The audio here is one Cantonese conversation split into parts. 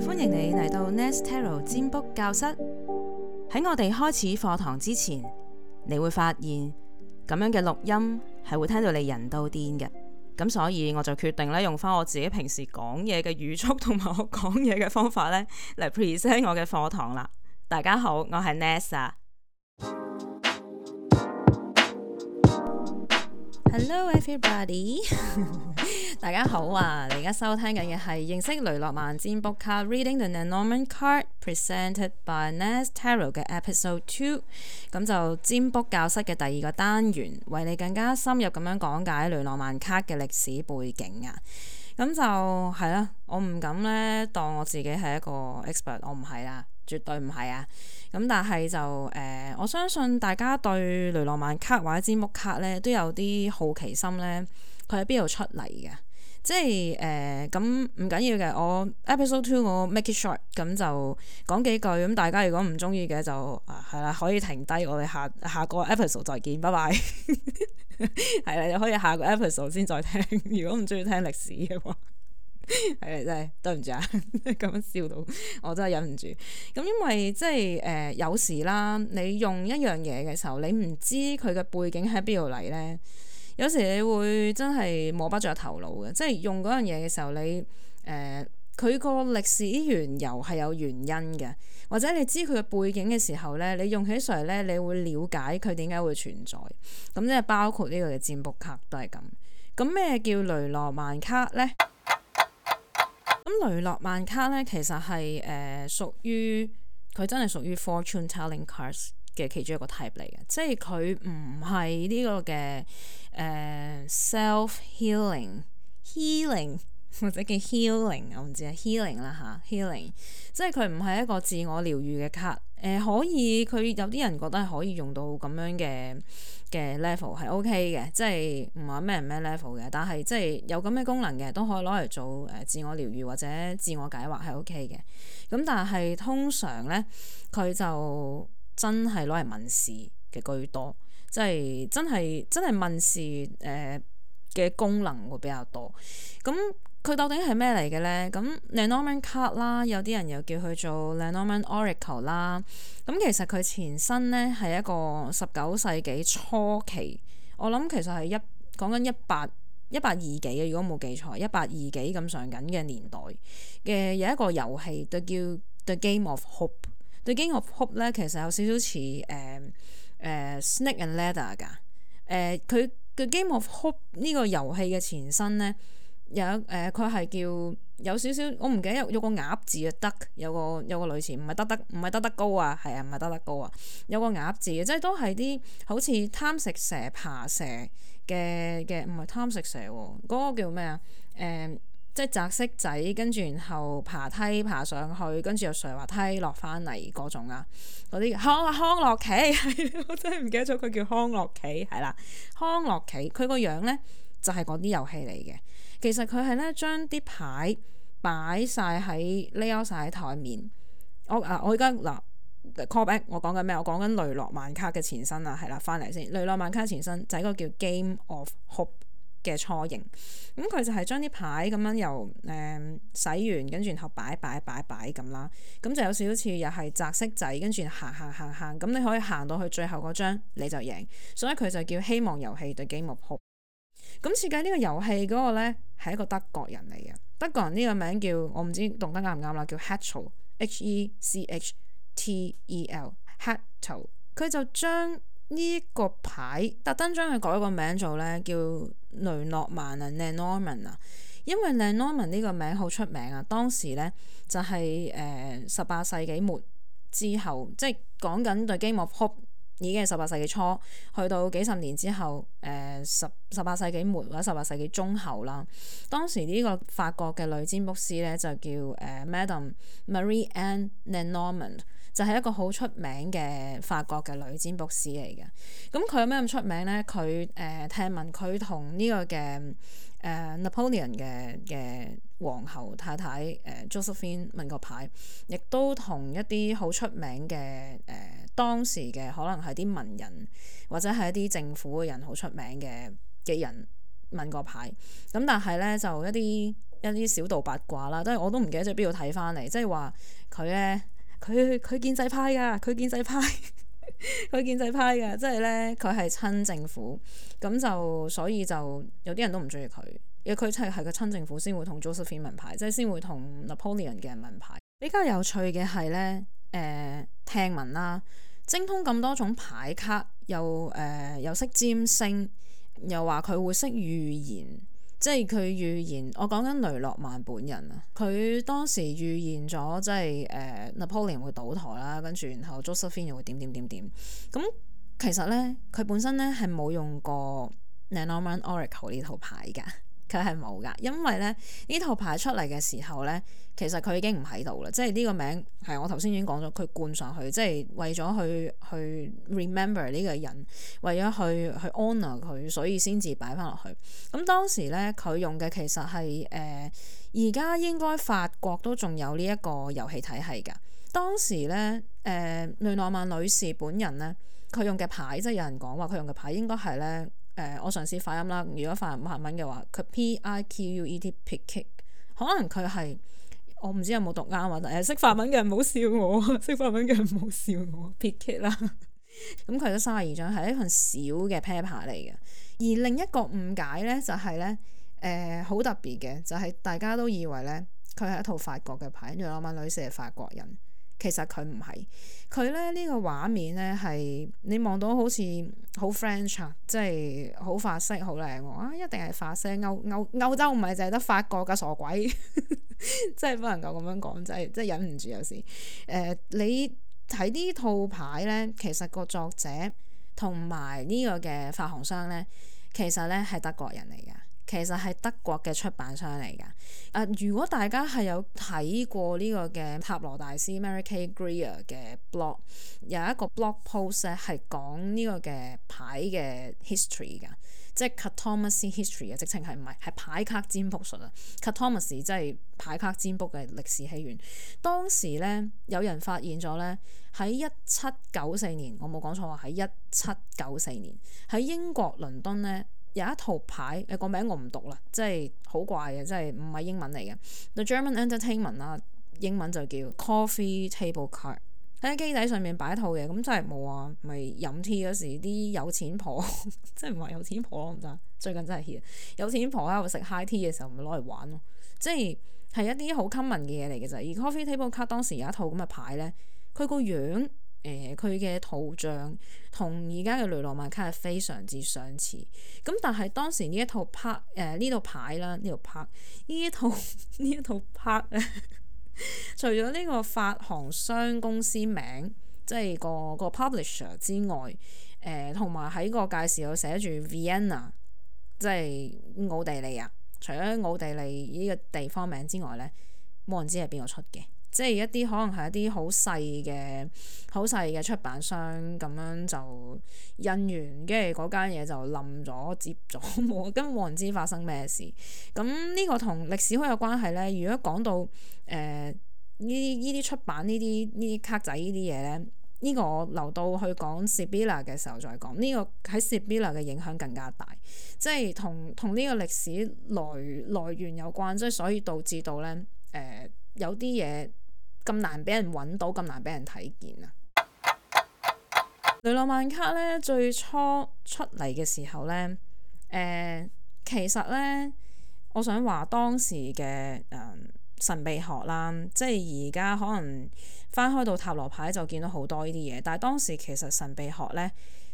歡迎你嚟到 Nesta Tarot 占卜教室。喺我哋開始課堂之前，你會發現咁樣嘅錄音係會聽到你人都癲嘅。咁所以我就決定咧用返我自己平時講嘢嘅語速同埋我講嘢嘅方法咧嚟 present 我嘅課堂啦。大家好，我係 Nesta。Hello everybody。 大家好啊！你而家收聽緊嘅係認識雷諾曼占卜卡 （Reading the Lenormand Card），presented by Ness Tarot 嘅 Episode Two。咁就占卜教室嘅第二個單元，為你更加深入咁樣講解雷諾曼卡嘅歷史背景啊。咁就係啦、啊，我唔敢咧當我自己係一個 expert，我唔係啦，絕對唔係啊。咁但係就誒、呃，我相信大家對雷諾曼卡或者占卜卡咧都有啲好奇心咧，佢喺邊度出嚟嘅？即係誒，咁唔緊要嘅。我 episode two 我 make it short，咁就講幾句。咁大家如果唔中意嘅就係啦，可以停低。我哋下下個 episode 再見，拜拜。係 啦，你可以下個 episode 先再聽。如果唔中意聽歷史嘅話，係啊真係對唔住啊，咁 樣笑到我真係忍唔住。咁因為即係誒、呃，有時啦，你用一樣嘢嘅時候，你唔知佢嘅背景喺邊度嚟咧。有時你會真係摸不着頭腦嘅，即係用嗰樣嘢嘅時候，你誒佢個歷史原由係有原因嘅，或者你知佢嘅背景嘅時候咧，你用起上嚟咧，你會了解佢點解會存在。咁即係包括呢個嘅占卜卡都係咁。咁咩叫雷諾曼卡咧？咁雷諾曼卡咧，其實係誒、呃、屬於佢真係屬於 fortune telling cards 嘅其中一個 type 嚟嘅，即係佢唔係呢個嘅誒、呃、self healing healing 或者叫 healing，我 healing，我唔知啊 healing 啦吓 healing，即係佢唔係一個自我療癒嘅卡誒、呃，可以佢有啲人覺得係可以用到咁樣嘅嘅 level 係 O K 嘅，即係唔話咩唔咩 level 嘅，但係即係有咁嘅功能嘅都可以攞嚟做誒自我療癒或者自我解惑係 O K 嘅。咁、okay、但係通常呢，佢就～真係攞嚟問事嘅居多，即係真係真係問事誒嘅、呃、功能會比較多。咁、嗯、佢到底係咩嚟嘅呢？咁 Lenormand c a 啦，Card，有啲人又叫佢做 Lenormand Oracle 啦。咁、嗯、其實佢前身呢，係一個十九世紀初期，我諗其實係一講緊一八一、一八二幾嘅，如果冇記錯，一八二幾咁上緊嘅年代嘅有一個遊戲，對叫 The Game of Hope。佢《Game of Hope》咧其實有少少似誒誒 uh, uh,《Snake and Leather》噶誒，佢、uh,《Game of Hope》呢個遊戲嘅前身咧有誒，佢、uh, 係叫有少少我唔記得有個鴨字啊 duck 有個有個類似唔係得得唔係得得高啊，係啊唔係得得高啊，有個鴨字嘅，即係都係啲好似貪食蛇爬蛇嘅嘅，唔係貪食蛇喎，嗰個叫咩啊誒？Uh, 即係擲色仔，跟住然後爬梯爬上去，跟住又垂滑梯落翻嚟嗰種啊！嗰啲康康樂棋， 我真係唔記得咗佢叫康樂棋，係啦，康樂棋佢個樣呢，就係嗰啲遊戲嚟嘅。其實佢係呢，將啲牌擺晒喺 l e o 晒喺台面。我啊，我而家嗱 call back，我講緊咩？我講緊雷諾曼卡嘅前身啊，係啦，翻嚟先。雷諾曼卡前身就係嗰個叫 Game of Hope。嘅初形，咁佢就係將啲牌咁樣由誒、嗯、洗完，跟住然後擺擺擺擺咁啦，咁就有少少似又係擲色仔，跟住行行行行，咁你可以行到去最後嗰張你就贏，所以佢就叫希望遊戲 The Game of Hope。咁設計呢個遊戲嗰個呢，係一個德國人嚟嘅，德國人呢個名叫我唔知讀得啱唔啱啦，叫 Hechtel H-E-C-H-T-E-L Hechtel，佢就將。呢一個牌特登將佢改個名做咧，叫雷諾曼啊 Lenormand 啊，Norman，因為 Lenormand 呢個名好出名啊。當時咧就係誒十八世紀末之後，即係講緊對基姆普已經係十八世紀初，去到幾十年之後，誒、呃、十十八世紀末或者十八世紀中後啦。當時呢個法國嘅女占卜師咧就叫誒、呃、Madam Marie Anne Lenormand 就係一個好出名嘅法國嘅女佔卜師嚟嘅。咁佢有咩咁出名呢？佢誒、呃、聽聞佢同呢個嘅 Napoleon 誒拿破崙嘅嘅皇后太太誒、呃、Josephine 問過牌，亦都同一啲好出名嘅誒、呃、當時嘅可能係啲文人或者係一啲政府嘅人好出名嘅嘅人問過牌。咁但係呢，就一啲一啲小道八卦啦，即係我都唔記得咗邊度睇翻嚟，即係話佢呢。佢佢建制派㗎，佢建制派，佢 建制派㗎，即係咧，佢係親政府咁就，所以就有啲人都唔中意佢，因為佢係係個親政府先會同 Josephine 文牌，即係先會同 Napoleon 嘅文牌。比較有趣嘅係咧，誒、呃、聽聞啦，精通咁多種牌卡，又誒、呃、又識占星，又話佢會識預言。即係佢預言，我講緊雷諾曼本人啊，佢當時預言咗，即係、呃、Napoleon 會倒台啦，跟住然後 Josephine 又會點點點點。咁其實咧，佢本身咧係冇用過 Lenormand Oracle 呢套牌㗎。佢係冇噶，因為咧呢套牌出嚟嘅時候咧，其實佢已經唔喺度啦，即係呢個名係我頭先已經講咗，佢冠上去，即係為咗去去 remember 呢個人，為咗去去 honor 佢，所以先至擺翻落去。咁當時咧佢用嘅其實係誒，而家應該法國都仲有呢一個遊戲體系噶。當時咧誒，雷諾曼女士本人咧，佢用嘅牌即係有人講話佢用嘅牌應該係咧。誒、呃，我嘗試發音啦。如果發法文嘅話，佢 p i q u e t pick，可能佢係我唔知有冇讀啱啊。但係識、呃、法文嘅人唔好笑我啊！識法文嘅人唔好笑我。pick 須啦，咁佢都三十二張，係一份小嘅 paper 嚟嘅。而另一個誤解咧、就係呃，就係咧誒好特別嘅，就係大家都以為咧佢係一套法國嘅牌，我馬女侍係法國人。其實佢唔係佢咧呢、呢個畫面咧係你望到好似好 French 啊，即係好法式，好靚喎啊！一定係法式歐歐歐，歐洲唔係淨係得法國㗎傻鬼， 真係不能夠咁樣講，真係真係忍唔住有時誒、呃，你睇啲套牌咧，其實個作者同埋呢個嘅發行商咧，其實咧係德國人嚟嘅。其實係德國嘅出版商嚟㗎。誒、呃，如果大家係有睇過呢個嘅塔羅大師 Mary K. Greer 嘅 blog，有一個 blog post 咧係講呢個嘅牌嘅 history 㗎，即係 cartomancy history 啊，直情係唔係係牌卡占卜術啊。Cartomancy 即係牌卡占卜嘅歷史起源。當時呢，有人發現咗呢，喺一七九四年，我冇講錯啊，喺一七九四年喺英國倫敦呢。有一套牌，誒個名我唔讀啦，即係好怪嘅，即係唔係英文嚟嘅。The German Entertainment 啦，英文就叫 Coffee Table Card。喺機底上面擺一套嘢，咁真係冇啊！咪飲 tea 嗰時，啲有錢婆，即係唔係有錢婆？我唔知啊。最近真係 hit，有錢婆喺度食 high tea 嘅時候咪攞嚟玩咯，即係係一啲好 common 嘅嘢嚟嘅咋。而 Coffee Table Card 當時有一套咁嘅牌咧，佢個樣。誒佢嘅圖像同而家嘅雷諾曼卡係非常之相似，咁但係當時呢一套牌，誒呢套牌啦，呢套牌呢一套呢一套牌咧，除咗呢個發行商公司名，即係、嗰個、嗰個 publisher 之外，誒同埋喺個介紹有寫住 Vienna，即係奧地利啊，除咗奧地利呢個地方名之外咧，冇人知係邊個出嘅。即係一啲可能係一啲好細嘅好細嘅出版商咁樣就印完，跟住嗰間嘢就冧咗，接咗冇，咁冇人知發生咩事。咁呢、這個同歷史好有關係咧。如果講到誒呢呢啲出版呢啲呢啲卡仔呢啲嘢咧，呢、這個留到去講 Sibila 嘅時候再講。呢、這個喺 Sibila 嘅影響更加大，即係同同呢個歷史來來源有關，即係所以導致到咧誒、呃、有啲嘢。咁難俾人揾到，咁難俾人睇見啊！雷諾曼卡咧，最初出嚟嘅時候呢，誒、呃，其實呢，我想話當時嘅、呃、神秘學啦，即係而家可能翻開到塔羅牌就見到好多呢啲嘢，但係當時其實神秘學呢，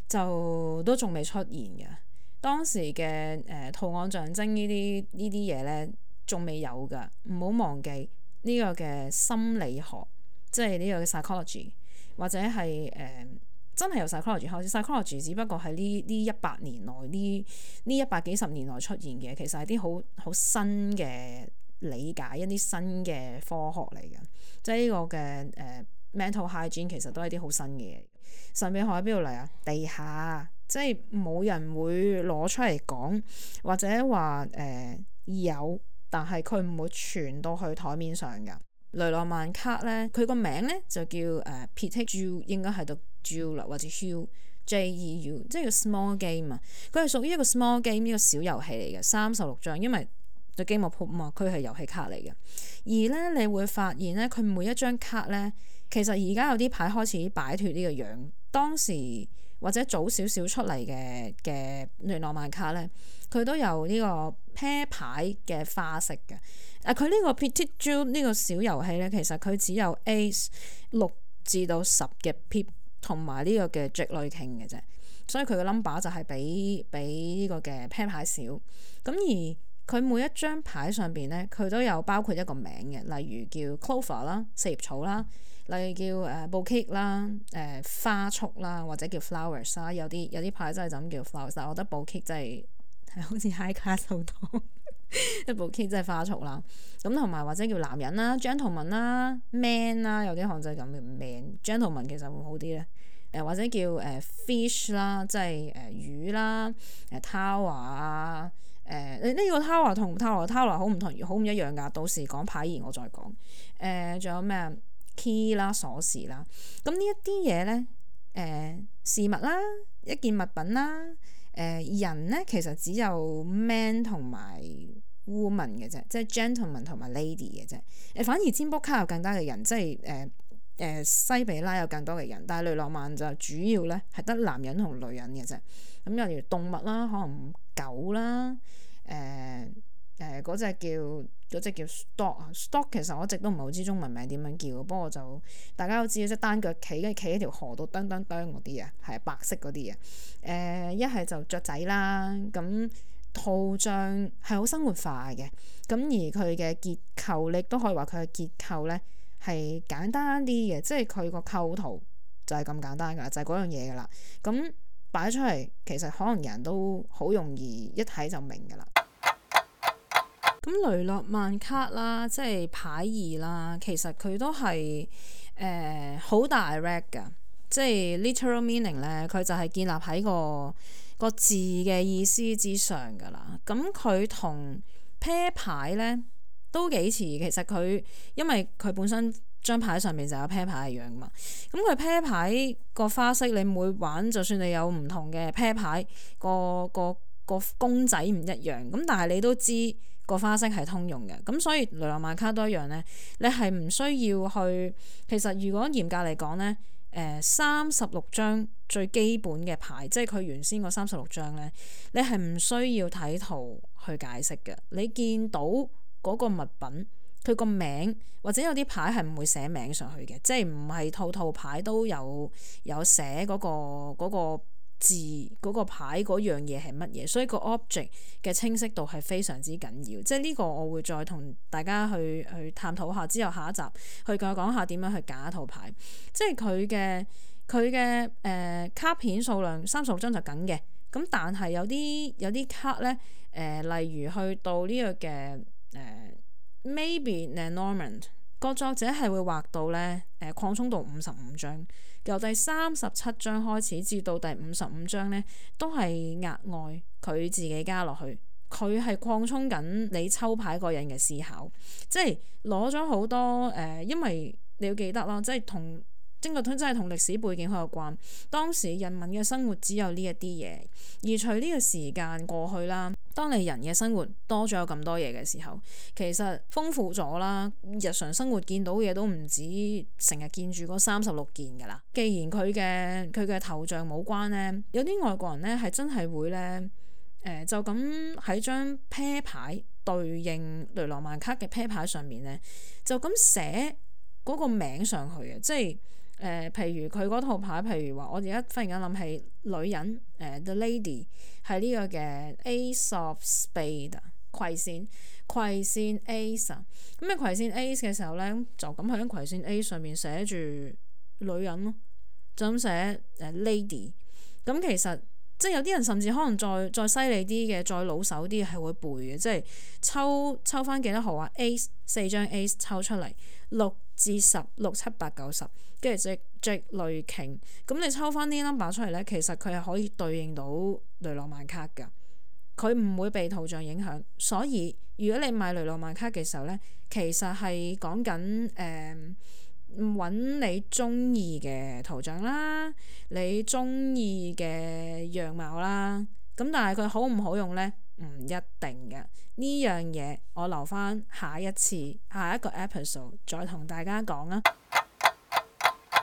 就都仲未出現嘅，當時嘅誒、呃、圖案象徵呢啲呢啲嘢呢，仲未有㗎，唔好忘記。呢個嘅心理學，即係呢個嘅 psychology，或者係誒、呃、真係由 psychology，開始 psychology，只不過喺呢呢一百年內，呢呢一百幾十年內出現嘅，其實係啲好好新嘅理解一啲新嘅科學嚟嘅。即係呢個嘅誒、呃、mental hygiene 其實都係啲好新嘅嘢。神秘學喺邊度嚟啊？地下，即係冇人會攞出嚟講，或者話誒、呃、有。但係佢唔會傳到去台面上嘅雷諾曼卡咧，佢個名咧就叫誒 Pete Jew，應該係讀 Jew 啦，ula，或者 Hugh J E U，即係個 small game 啊。佢係屬於一個 small game 呢個小遊戲嚟嘅，三十六張，因為嘅機務鋪嘛，佢係遊戲卡嚟嘅。而咧，你會發現咧，佢每一張卡咧，其實而家有啲牌開始擺脫呢個樣，當時或者早少少出嚟嘅嘅雷諾曼卡咧，佢都有呢個。Pair 牌嘅花式嘅，啊佢呢個 Petit Ju 呢個小遊戲咧，其實佢只有 A 六至到十嘅 Pip 同埋呢個嘅 Jack 類 King 嘅啫，所以佢嘅 number 就係比比呢個嘅 Pair 牌少。咁而佢每一張牌上邊咧，佢都有包括一個名嘅，例如叫 Clover 啦，四葉草啦，例如叫誒 Bouquet 啦，誒、呃、花束啦，或者叫 Flowers 啦，有啲有啲牌真係就咁叫 Flowers，我覺得 Bouquet 真係。好似嗨卡手套，一部 key 真係花束啦。咁同埋或者叫男人啦，gentleman 啦，man 啦，有啲控制感嘅 man，gentleman 其實會好啲咧。誒、呃，或者叫誒 fish 啦，即係誒魚啦，誒、啊、tower 啊，誒、呃，你、這、呢個 tower, tower 同 tower 好唔同，好唔一樣噶。到時講牌而我再講。誒、呃，仲有咩 key 啦，鎖匙啦，咁、嗯、呢一啲嘢咧，誒、呃，事物啦，一件物品啦。誒、呃、人咧其實只有 man 同埋 woman 嘅啫，即係 gentleman 同埋 lady 嘅啫。誒反而占卜卡有更加嘅人，即係誒誒西比拉有更多嘅人，但係雷浪漫就主要咧係得男人同女人嘅啫。咁、呃、例如動物啦，可能狗啦，誒、呃。誒，嗰隻、呃、叫隻叫 stock 啊，stock 其實我一直都唔係好知中文名點樣叫，不過就大家都知道即單腳企嘅，企喺條河度蹬蹬蹬嗰啲嘢，係白色嗰啲嘢。誒、呃，一係就雀仔啦，咁套像係好生活化嘅，咁而佢嘅結構力都可以話佢嘅結構咧係簡單啲嘅，即係佢個構圖就係咁簡單噶啦，就係、是、嗰樣嘢噶啦。咁擺出嚟，其實可能人都好容易一睇就明噶啦。咁雷諾曼卡啦，即係牌二啦。其實佢都係誒好、呃、direct 㗎，即係 literal meaning 咧，佢就係建立喺個個字嘅意思之上噶啦。咁佢同 pair 牌咧都幾似，其實佢因為佢本身張牌上面就有 pair 牌嘅樣嘛。咁佢 pair 牌個花式，你每玩就算你有唔同嘅 pair 牌，個個個公仔唔一樣，咁但係你都知。個花式係通用嘅，咁所以雷諾曼卡都一樣呢。你係唔需要去，其實如果嚴格嚟講呢，誒三十六張最基本嘅牌，即係佢原先嗰三十六張呢。你係唔需要睇圖去解釋嘅。你見到嗰個物品，佢個名，或者有啲牌係唔會寫名上去嘅，即係唔係套套牌都有有寫嗰個嗰個。嗰個字嗰、嗰個牌嗰樣嘢係乜嘢？所以個 object 嘅清晰度係非常之緊要，即係呢個我會再同大家去去探討下，之後下一集去講下點樣去揀一套牌，即係佢嘅佢嘅誒卡片數量三十六張就緊嘅，咁但係有啲有啲卡呢，誒、呃，例如去到呢個嘅誒 maybe Lenormand，個作者係會畫到呢誒擴充到五十五張。由第三十七章開始至到第五十五章呢，都係額外佢自己加落去，佢係擴充緊你抽牌個人嘅思考，即係攞咗好多誒、呃，因為你要記得咯，即係同。整個真係同歷史背景好有關。當時人民嘅生活只有呢一啲嘢，而隨呢個時間過去啦。當你人嘅生活多咗有咁多嘢嘅時候，其實豐富咗啦。日常生活見到嘢都唔止成日見住嗰三十六件㗎啦。既然佢嘅佢嘅頭像冇關呢，有啲外國人呢係真係會呢，誒、呃、就咁喺張啤牌對應雷諾曼卡嘅啤牌上面呢，就咁寫嗰個名上去啊，即係～誒、呃，譬如佢嗰套牌，譬如話我而家忽然間諗起女人，誒、呃、the lady 係呢個嘅 ace of spades，葵扇，葵扇 ace，咁、啊、你葵扇 ace 嘅時候咧，就咁喺葵扇 a 上面寫住女人咯，就咁寫誒 lady，咁、嗯、其實。即係有啲人甚至可能再再犀利啲嘅，再老手啲係會背嘅，即係抽抽翻幾多號啊？A 四張 A 抽出嚟，六至十，六七八九十，跟住即即類瓊咁你抽翻啲 number 出嚟呢，其實佢係可以對應到雷諾曼卡㗎，佢唔會被圖像影響，所以如果你買雷諾曼卡嘅時候呢，其實係講緊誒。嗯搵你中意嘅圖像啦，你中意嘅樣貌啦，咁但係佢好唔好用呢？唔一定嘅。呢樣嘢我留翻下一次下一個 episode 再同大家講 啦。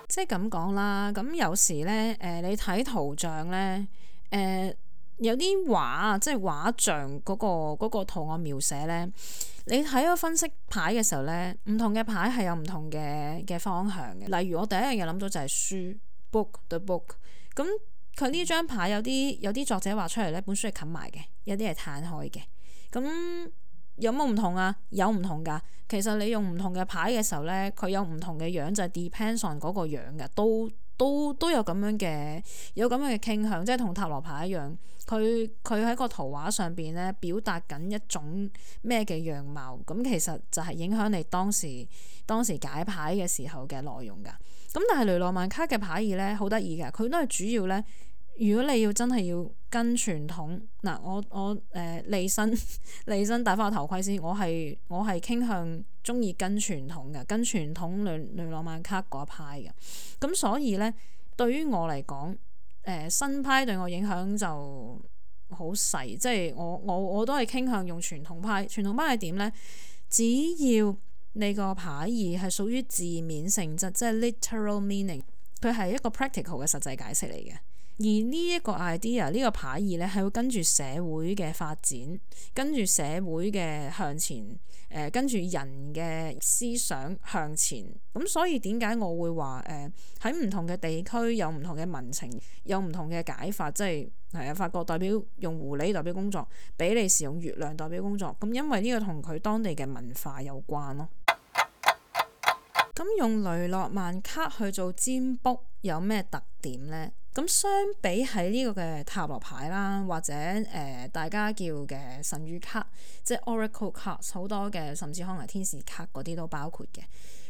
即係咁講啦，咁有時呢，誒、呃，你睇圖像呢。誒、呃。有啲畫啊，即係畫像嗰個嗰個圖案描寫呢。你睇咗分析牌嘅時候呢，唔同嘅牌係有唔同嘅嘅方向嘅。例如我第一樣嘢諗到就係書 book the book，咁佢呢張牌有啲有啲作者畫出嚟呢本書係冚埋嘅，有啲係攤開嘅。咁有冇唔同啊？有唔同㗎。其實你用唔同嘅牌嘅時候呢，佢有唔同嘅樣，就係 depends on 嗰個樣嘅，都。都都有咁樣嘅，有咁樣嘅傾向，即係同塔羅牌一樣，佢佢喺個圖畫上邊咧表達緊一種咩嘅樣貌，咁其實就係影響你當時當時解牌嘅時候嘅內容噶。咁但係雷諾曼卡嘅牌意咧，好得意噶，佢都係主要咧。如果你要真係要跟傳統，嗱、啊，我我誒利、呃、申利申戴翻個頭盔先。我係我係傾向鍾意跟傳統嘅跟傳統雷雷諾曼卡嗰一派嘅。咁所以呢，對於我嚟講，誒、呃、新派對我影響就好細，即、就、係、是、我我我都係傾向用傳統派。傳統派係點呢？只要你個牌義係屬於字面性質，即、就、係、是、literal meaning，佢係一個 practical 嘅實際解釋嚟嘅。而呢一個 idea 呢、呢個牌意咧，係會跟住社會嘅發展，跟住社會嘅向前，誒、呃，跟住人嘅思想向前。咁所以點解我會話誒喺唔同嘅地區有唔同嘅民情，有唔同嘅解法，即係係啊，法國代表用狐狸代表工作，比利時用月亮代表工作。咁因為呢個同佢當地嘅文化有關咯。咁 用雷諾曼卡去做占卜有咩特點呢？咁相比喺呢個嘅塔羅牌啦，或者誒、呃、大家叫嘅神語卡，即係 Oracle 卡，好多嘅甚至可能天使卡嗰啲都包括嘅。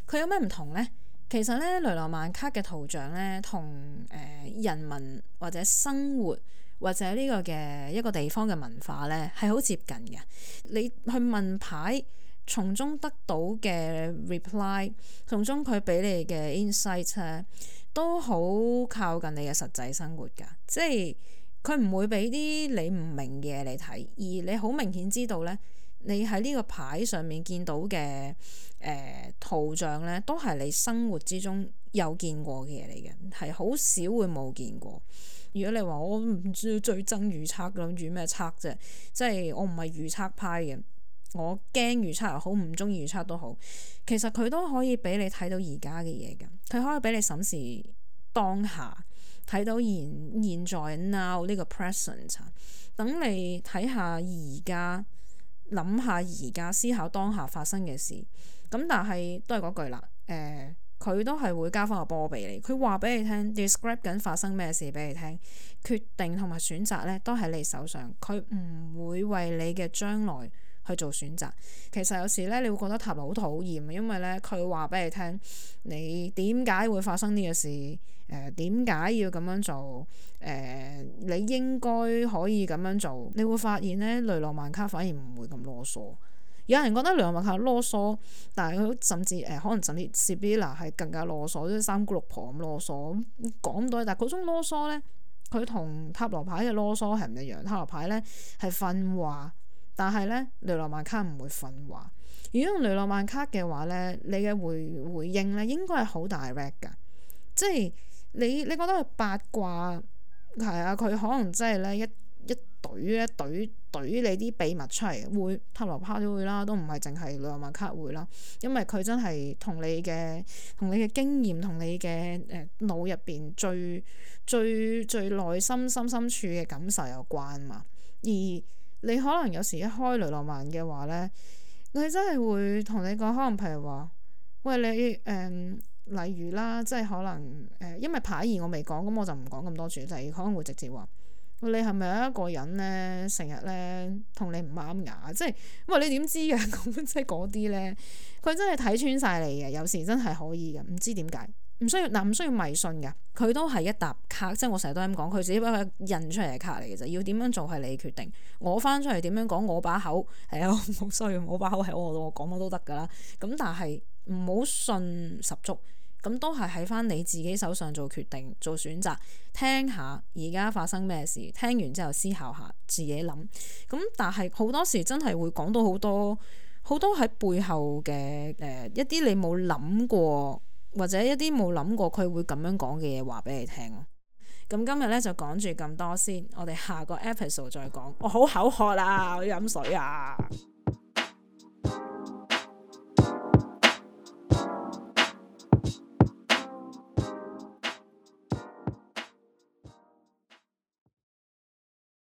佢有咩唔同呢？其實咧，雷諾曼卡嘅圖像咧，同誒、呃、人民或者生活或者呢個嘅一個地方嘅文化咧，係好接近嘅。你去問牌，從中得到嘅 reply，從中佢俾你嘅 insight。都好靠近你嘅實際生活㗎，即係佢唔會俾啲你唔明嘅嘢你睇，而你好明顯知道呢，你喺呢個牌上面見到嘅誒、呃、圖像呢，都係你生活之中有見過嘅嘢嚟嘅，係好少會冇見過。如果你話我唔知最憎預測，諗住咩測啫？即係我唔係預測派嘅。我驚預測又好，唔中意預測都好，其實佢都可以俾你睇到而家嘅嘢嘅，佢可以俾你審視當下，睇到現現在 now 呢個 present，等你睇下而家，諗下而家，思考當下發生嘅事。咁但係都係嗰句啦，誒，佢都係會交翻個波俾你，佢話俾你聽 describe 緊發生咩事俾你聽，決定同埋選擇呢都喺你手上，佢唔會為你嘅將來去做選擇，其實有時咧，你會覺得塔羅好討厭，因為咧佢話俾你聽，你點解會發生呢個事？誒、呃，點解要咁樣做？誒、呃，你應該可以咁樣做。你會發現咧，雷諾曼卡反而唔會咁囉嗦。有人覺得雷諾曼卡囉嗦，但係佢甚至誒、呃、可能甚至 Sibilla 係更加囉嗦，即三姑六婆咁囉嗦，講多。但係嗰種囉嗦咧，佢同塔羅牌嘅囉嗦係唔一樣。塔羅牌咧係分話。但係咧，雷諾曼卡唔會訓話。如果用雷諾曼卡嘅話咧，你嘅回回應咧，應該係好大 react 噶。即係你你覺得係八卦，係啊，佢可能真係咧一一懟一懟懟你啲秘密出嚟，會塔羅牌都會啦，都唔係淨係雷諾曼卡會啦。因為佢真係同你嘅同你嘅經驗，同你嘅誒腦入邊最最最內心深深處嘅感受有關嘛，而。你可能有時一開雷諾曼嘅話咧，佢真係會同你講，可能譬如話，喂你誒、呃，例如啦，即係可能誒、呃，因為牌二我未講，咁我就唔講咁多住，例如可能會直接話，你係咪有一個人咧，成日咧同你唔啱㗎？即係喂你點知嘅？咁 即係嗰啲咧，佢真係睇穿晒你嘅，有時真係可以嘅，唔知點解。唔需要嗱，唔需要迷信嘅，佢都係一沓卡，即係我成日都咁講，佢只不過印出嚟嘅卡嚟嘅啫。要點樣做係你決定，我翻出嚟點樣講，我把口係啊，唔需要，我把口係我，我講乜都得㗎喇。咁但係唔好信十足，咁都係喺翻你自己手上做決定、做選擇，聽下而家發生咩事，聽完之後思考下，自己諗。咁但係好多時真係會講到好多好多喺背後嘅誒、呃、一啲你冇諗過。或者一啲冇諗過佢會咁樣講嘅嘢話俾你聽咯。咁今日咧就講住咁多先，我哋下個 episode 再講。我好口渴啦，我要飲水啊！